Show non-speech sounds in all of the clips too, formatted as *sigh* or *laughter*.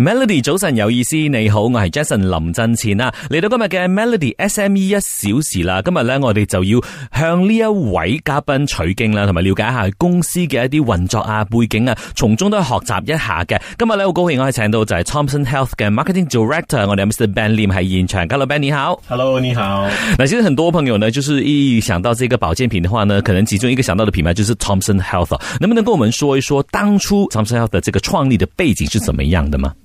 Melody 早晨有意思，你好，我係 Jason 林振前啦，嚟到今日嘅 Melody SME 一小時啦，今日咧我哋就要向呢一位嘉賓取經啦，同埋了解一下公司嘅一啲運作啊、背景啊，從中都學習一下嘅。今日咧好高興可以請到就係 Thompson Health 嘅 Marketing Director 我哋 Mr. Ben Lim 喺現場，Hello Ben 你好，Hello 你好。那其實很多朋友呢，就是一想到這個保健品的話呢，可能其中一個想到的品牌就是 Thompson Health，能不能跟我們說一說當初 Thompson Health 的這個創立的背景是怎麼樣的嗎？ *laughs*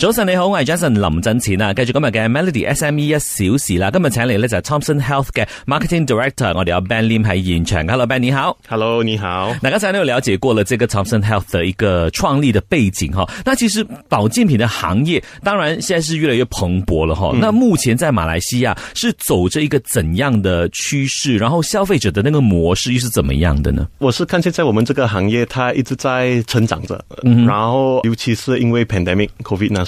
早晨，你好，我係 Jason 林真錢啊。繼續今日嘅 Melody SME 一小時啦。今日請嚟咧就係 Thompson Health 嘅 Marketing Director，我哋阿 Ben Lim 喺現場。阿老板你好，Hello，你好。那剛才你有了解過了，這個 Thompson Health 的一個創立的背景哈。那其實保健品的行業，當然現在是越來越蓬勃了哈。那目前在馬來西亞是走着一個怎樣的趨勢？然後消費者的那個模式又是怎麼樣的呢？我是看現在我們這個行業，它一直在成長着。嗯，然後，尤其是因為 pandemic COVID 呢。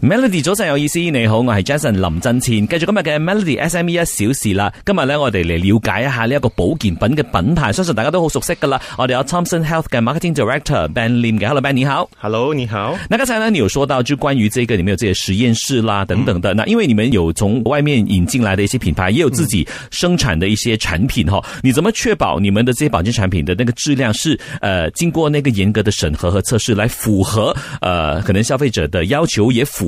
Melody 早晨有意思，你好，我是 Jason 林振謙。繼續今日嘅 Melody SME 一小時啦。今日呢，我哋嚟了解一下呢一個保健品嘅品牌，相信大家都好熟悉㗎喇。我哋有 Thompson Health 嘅 Marketing Director Ben Lim 嘅，Hello Ben 你好，Hello 你好。那剛才呢，你有說到就關於這個，你們有自己實驗室啦，等等的。那因為你們有從外面引進來的一些品牌，也有自己生產的一些產品，哈、嗯，你怎麼確保你們的這些保健產品的那個質量是，呃經過那個嚴格的審核和測試，來符合，呃、可能消費者的要求也符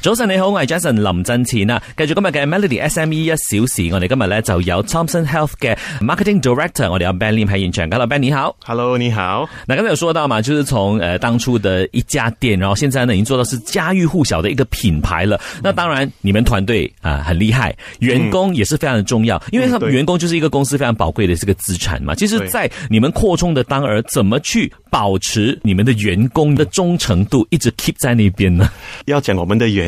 早晨，好 Jason, Director, Lim, Hello, ben, 你好，我係 Jason 林真琪。啊。繼續今日嘅 Melody SME 一小時，我哋今日咧就有 Thompson Health 嘅 Marketing Director，我哋阿 Ben 念喺現場。咁，老闆你好，Hello，你好。嗱，剛才有說到嘛，就是從呃當初的一家店，然後現在呢已經做到是家喻戶曉的一個品牌了。嗯、那當然，你們團隊啊、呃、很厲害，員工也是非常的重要，因為他們員工就是一個公司非常寶貴的這個資產嘛。其實，在你們擴充的當兒，怎麼去保持你們的員工的忠誠度，一直 keep 在那邊呢？要講我們的員。